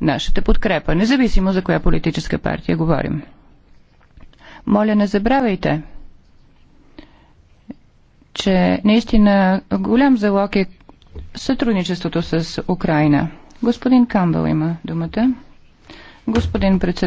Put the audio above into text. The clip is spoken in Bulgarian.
нашата подкрепа, независимо за коя политическа партия говорим. Моля, не забравяйте, че наистина голям залог е сътрудничеството с Украина. Господин Камбъл има думата. Господин председател,